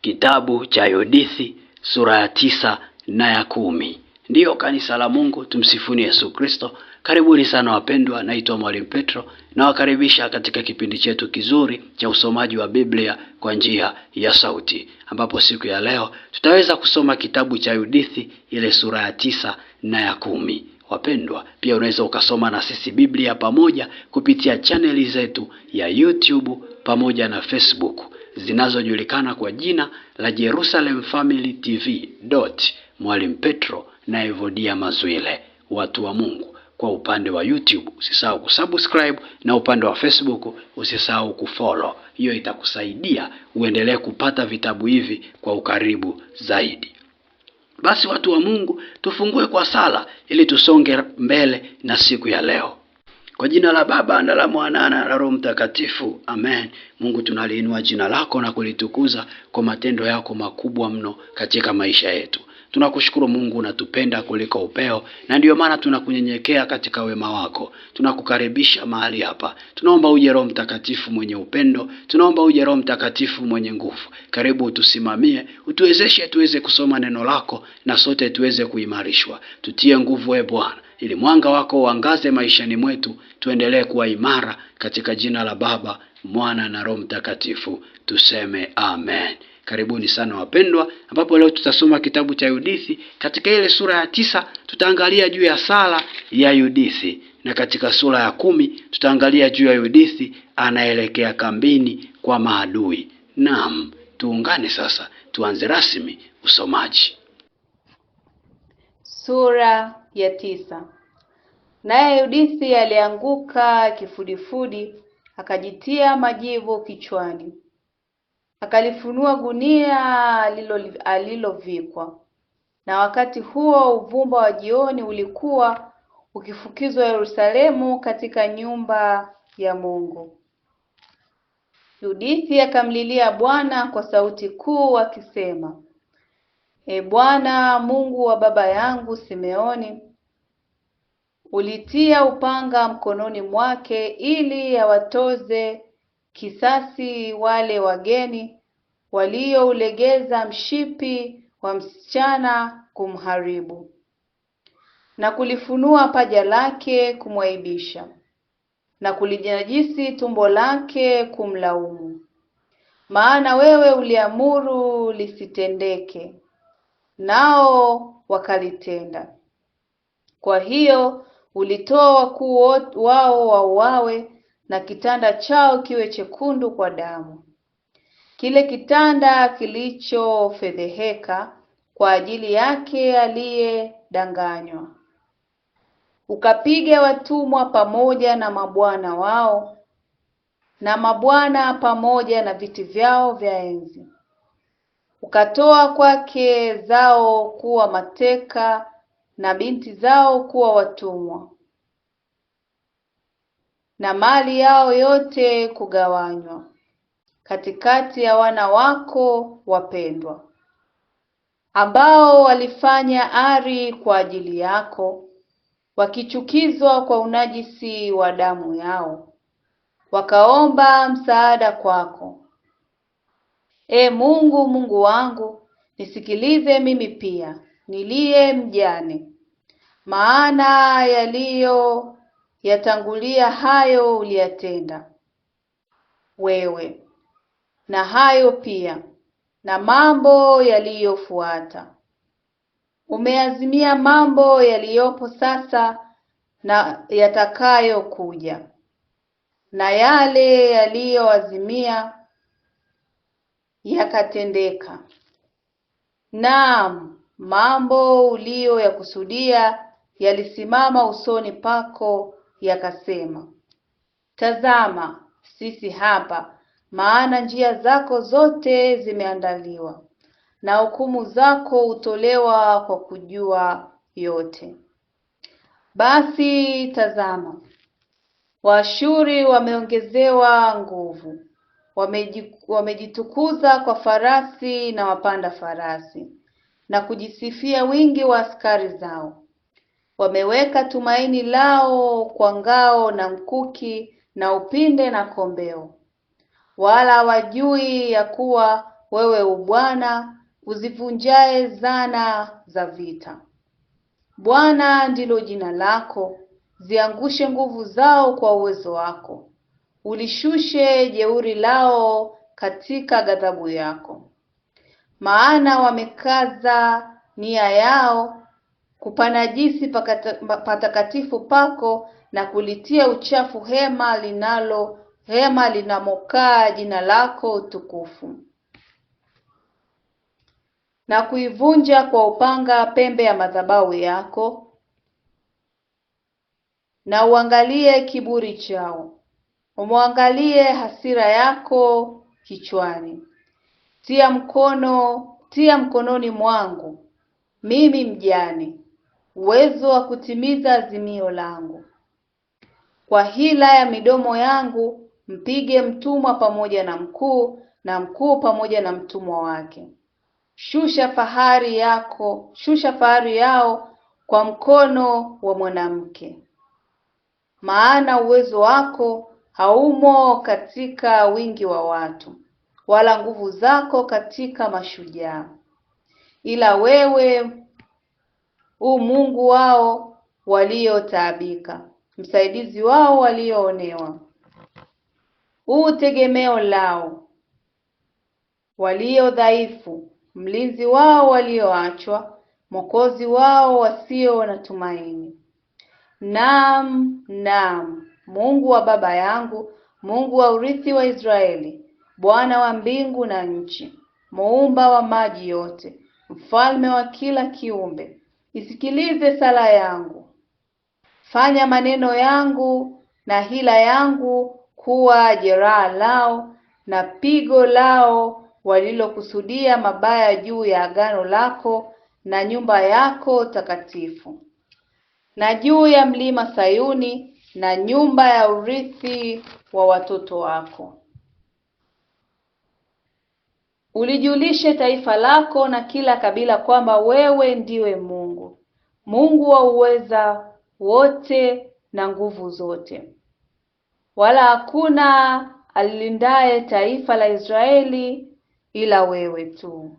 kitabu cha Yodithi sura ya tisa na ya kumi. Ndiyo kanisa la Mungu, tumsifuni Yesu Kristo. Karibuni sana wapendwa, naitwa Mwalimu Petro, nawakaribisha katika kipindi chetu kizuri cha usomaji wa Biblia kwa njia ya sauti, ambapo siku ya leo tutaweza kusoma kitabu cha Yudithi ile sura ya tisa na ya kumi. Wapendwa, pia unaweza ukasoma na sisi Biblia pamoja kupitia chaneli zetu ya YouTube pamoja na Facebook zinazojulikana kwa jina la Jerusalem Family TV dot Mwalimu Petro na Evodia Mazwile. Watu wa Mungu, kwa upande wa YouTube usisahau kusubscribe na upande wa Facebook usisahau kufollow. Hiyo itakusaidia uendelee kupata vitabu hivi kwa ukaribu zaidi. Basi watu wa Mungu, tufungue kwa sala ili tusonge mbele na siku ya leo. Kwa jina la Baba na la Mwana na la Roho Mtakatifu, amen. Mungu, tunaliinua jina lako na kulitukuza kwa matendo yako makubwa mno katika maisha yetu. Tunakushukuru Mungu, unatupenda kuliko upeo, na ndiyo maana tunakunyenyekea katika wema wako. Tunakukaribisha mahali hapa, tunaomba uje Roho Mtakatifu mwenye upendo, tunaomba uje Roho Mtakatifu mwenye nguvu. Karibu utusimamie, utuwezeshe tuweze kusoma neno lako, na sote tuweze kuimarishwa. Tutie nguvu, e Bwana ili mwanga wako uangaze maishani mwetu, tuendelee kuwa imara katika jina la Baba, Mwana na Roho Mtakatifu, tuseme amen. Karibuni sana wapendwa, ambapo leo tutasoma kitabu cha Yudithi. Katika ile sura ya tisa tutaangalia juu ya sala ya Yudithi, na katika sura ya kumi tutaangalia juu ya Yudithi anaelekea kambini kwa maadui. Naam, tuungane sasa, tuanze rasmi usomaji. Sura ya tisa. Naye Yudithi alianguka kifudifudi, akajitia majivu kichwani, akalifunua gunia alilovikwa. Na wakati huo uvumba wa jioni ulikuwa ukifukizwa Yerusalemu katika nyumba ya Mungu. Yudithi akamlilia Bwana kwa sauti kuu akisema, E Bwana Mungu wa baba yangu Simeoni, ulitia upanga mkononi mwake ili awatoze kisasi wale wageni walioulegeza mshipi wa msichana kumharibu na kulifunua paja lake kumwaibisha na kulijinajisi tumbo lake kumlaumu, maana wewe uliamuru lisitendeke nao wakalitenda. Kwa hiyo ulitoa wakuu wao wauawe, na kitanda chao kiwe chekundu kwa damu. Kile kitanda kilichofedheheka kwa ajili yake aliyedanganywa. Ukapiga watumwa pamoja na mabwana wao na mabwana pamoja na viti vyao vya enzi ukatoa kwake zao kuwa mateka na binti zao kuwa watumwa, na mali yao yote kugawanywa katikati ya wana wako wapendwa, ambao walifanya ari kwa ajili yako, wakichukizwa kwa unajisi wa damu yao, wakaomba msaada kwako E Mungu, Mungu wangu, nisikilize mimi pia niliye mjane, maana yaliyo yatangulia hayo uliyatenda wewe, na hayo pia na mambo yaliyofuata umeazimia mambo yaliyopo sasa na yatakayokuja, na yale yaliyoazimia yakatendeka. Naam, mambo uliyoyakusudia yalisimama usoni pako, yakasema, tazama sisi hapa, maana njia zako zote zimeandaliwa na hukumu zako hutolewa kwa kujua yote. Basi tazama, washuri wameongezewa nguvu, wamejitukuza kwa farasi na wapanda farasi na kujisifia wingi wa askari zao. Wameweka tumaini lao kwa ngao na mkuki na upinde na kombeo, wala wajui ya kuwa wewe ubwana uzivunjae zana za vita. Bwana ndilo jina lako, ziangushe nguvu zao kwa uwezo wako ulishushe jeuri lao katika ghadhabu yako, maana wamekaza nia yao kupanajisi patakatifu pako na kulitia uchafu hema linalo hema linamokaa jina lako tukufu, na kuivunja kwa upanga pembe ya madhabahu yako, na uangalie kiburi chao umwangalie hasira yako kichwani, tia mkono tia mkononi mwangu mimi mjane, uwezo wa kutimiza azimio langu. Kwa hila ya midomo yangu mpige mtumwa pamoja na mkuu, na mkuu pamoja na mtumwa wake. Shusha fahari yako, shusha fahari yao kwa mkono wa mwanamke, maana uwezo wako haumo katika wingi wa watu, wala nguvu zako katika mashujaa, ila wewe u Mungu wao waliotaabika, msaidizi wao walioonewa, u tegemeo lao walio dhaifu, mlinzi wao walioachwa, mwokozi wao wasio na tumaini. Naam, naam. Mungu wa baba yangu, Mungu wa urithi wa Israeli, Bwana wa mbingu na nchi, muumba wa maji yote, mfalme wa kila kiumbe, isikilize sala yangu. Fanya maneno yangu na hila yangu kuwa jeraha lao na pigo lao walilokusudia mabaya juu ya agano lako na nyumba yako takatifu. Na juu ya mlima Sayuni na nyumba ya urithi wa watoto wako. Ulijulishe taifa lako na kila kabila kwamba wewe ndiwe Mungu, Mungu wa uweza wote na nguvu zote, wala hakuna alilindaye taifa la Israeli ila wewe tu.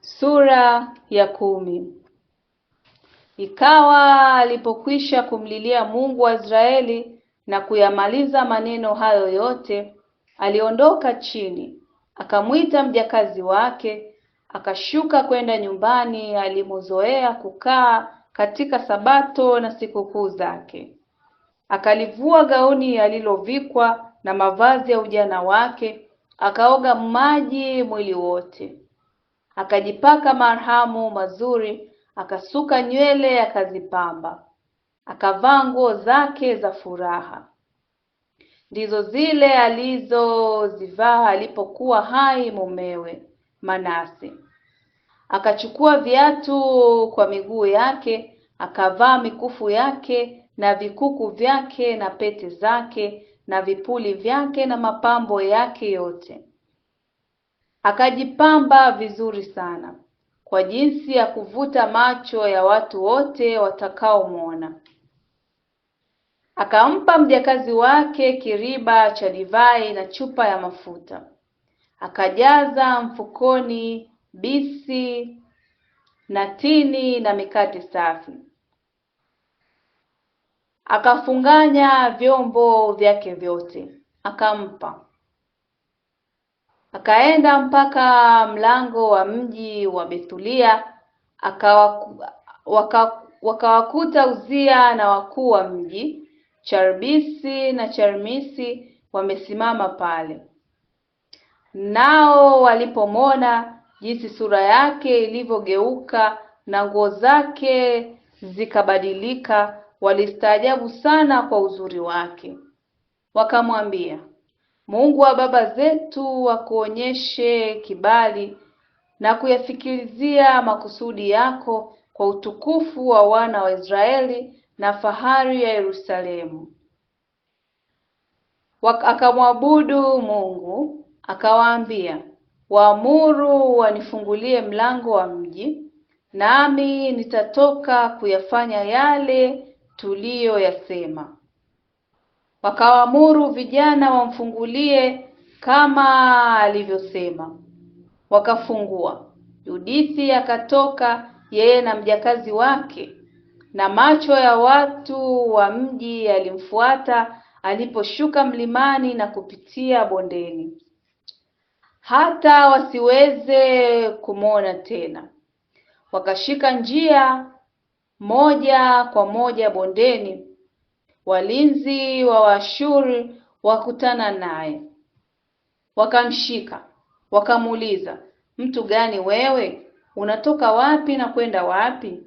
Sura ya kumi. Ikawa alipokwisha kumlilia Mungu wa Israeli na kuyamaliza maneno hayo yote, aliondoka chini, akamwita mjakazi wake, akashuka kwenda nyumbani alimozoea kukaa katika sabato na sikukuu zake. Akalivua gauni alilovikwa na mavazi ya ujana wake, akaoga maji mwili wote, akajipaka marhamu mazuri akasuka nywele akazipamba, akavaa nguo zake za furaha, ndizo zile alizozivaa alipokuwa hai mumewe Manase. Akachukua viatu kwa miguu yake, akavaa mikufu yake na vikuku vyake na pete zake na vipuli vyake na mapambo yake yote, akajipamba vizuri sana kwa jinsi ya kuvuta macho ya watu wote watakaomwona. Akampa mjakazi wake kiriba cha divai na chupa ya mafuta, akajaza mfukoni bisi na tini na mikate safi, akafunganya vyombo vyake vyote akampa Akaenda mpaka mlango wa mji wa Bethulia, akawakuta waka, waka Uzia na wakuu wa mji Charbisi na Charmisi wamesimama pale. Nao walipomwona jinsi sura yake ilivyogeuka na nguo zake zikabadilika, walistaajabu sana kwa uzuri wake, wakamwambia Mungu wa baba zetu akuonyeshe kibali na kuyasikilizia makusudi yako kwa utukufu wa wana wa Israeli na fahari ya Yerusalemu. Akamwabudu Mungu, akawaambia, waamuru wanifungulie mlango wa mji, nami nitatoka kuyafanya yale tuliyoyasema wakawaamuru vijana wamfungulie kama alivyosema. Wakafungua. Yudithi akatoka yeye na mjakazi wake, na macho ya watu wa mji yalimfuata aliposhuka mlimani na kupitia bondeni, hata wasiweze kumwona tena. Wakashika njia moja kwa moja bondeni Walinzi wa washuri wakutana naye, wakamshika, wakamuuliza, mtu gani wewe? Unatoka wapi na kwenda wapi?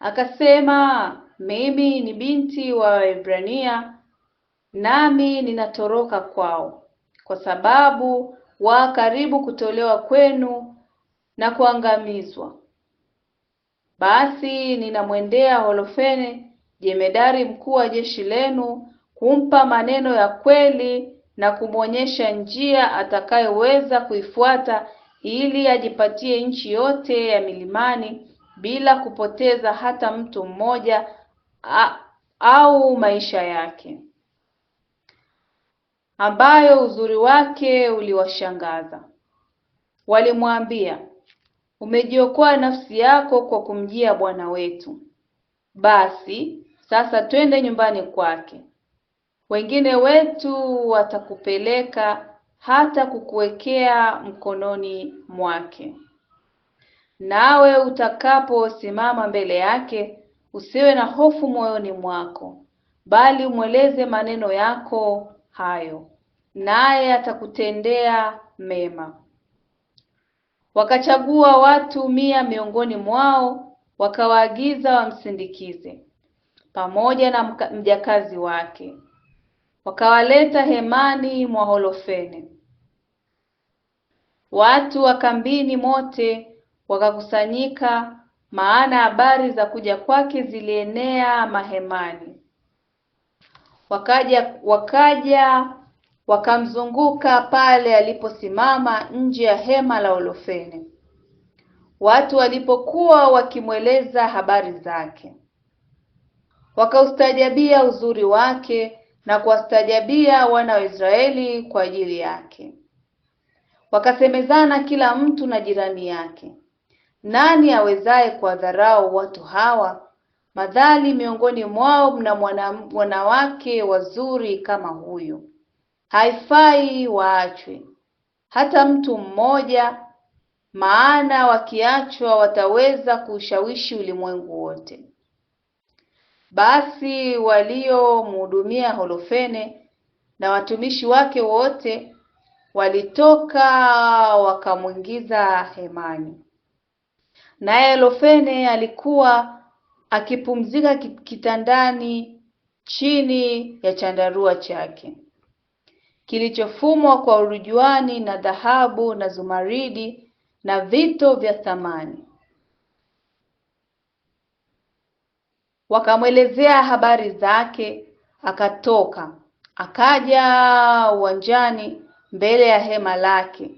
Akasema, mimi ni binti wa Waebrania, nami ninatoroka kwao, kwa sababu wa karibu kutolewa kwenu na kuangamizwa. Basi ninamwendea Holofene jemedari mkuu wa jeshi lenu, kumpa maneno ya kweli na kumwonyesha njia atakayoweza kuifuata ili ajipatie nchi yote ya milimani bila kupoteza hata mtu mmoja a, au maisha yake, ambayo uzuri wake uliwashangaza. Walimwambia, umejiokoa nafsi yako kwa kumjia Bwana wetu, basi sasa twende nyumbani kwake. Wengine wetu watakupeleka hata kukuwekea mkononi mwake. Nawe utakaposimama mbele yake, usiwe na hofu moyoni mwako, bali umweleze maneno yako hayo, naye atakutendea mema. Wakachagua watu mia miongoni mwao, wakawaagiza wamsindikize pamoja na mjakazi wake, wakawaleta hemani mwa Holofene. Watu wa kambini mote wakakusanyika, maana habari za kuja kwake zilienea mahemani. Wakaja wakaja wakamzunguka pale aliposimama nje ya hema la Holofene, watu walipokuwa wakimweleza habari zake wakaustajabia uzuri wake na kuwastajabia wana wa Israeli kwa ajili yake. Wakasemezana kila mtu na jirani yake, nani awezaye kuwadharau watu hawa, madhali miongoni mwao mna wanawake wazuri kama huyu? Haifai waachwe hata mtu mmoja, maana wakiachwa wataweza kuushawishi ulimwengu wote. Basi waliomhudumia holofene na watumishi wake wote walitoka wakamwingiza hemani. Naye holofene alikuwa akipumzika kitandani chini ya chandarua chake kilichofumwa kwa urujuani na dhahabu na zumaridi na vito vya thamani. wakamwelezea habari zake, akatoka akaja uwanjani mbele ya hema lake,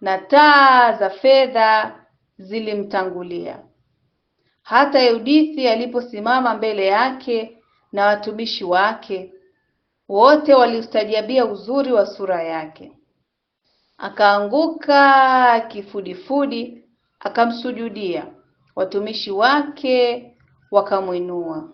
na taa za fedha zilimtangulia. Hata Yudithi aliposimama mbele yake na watumishi wake wote waliustajabia uzuri wa sura yake, akaanguka kifudifudi akamsujudia. Watumishi wake wakamuinoa.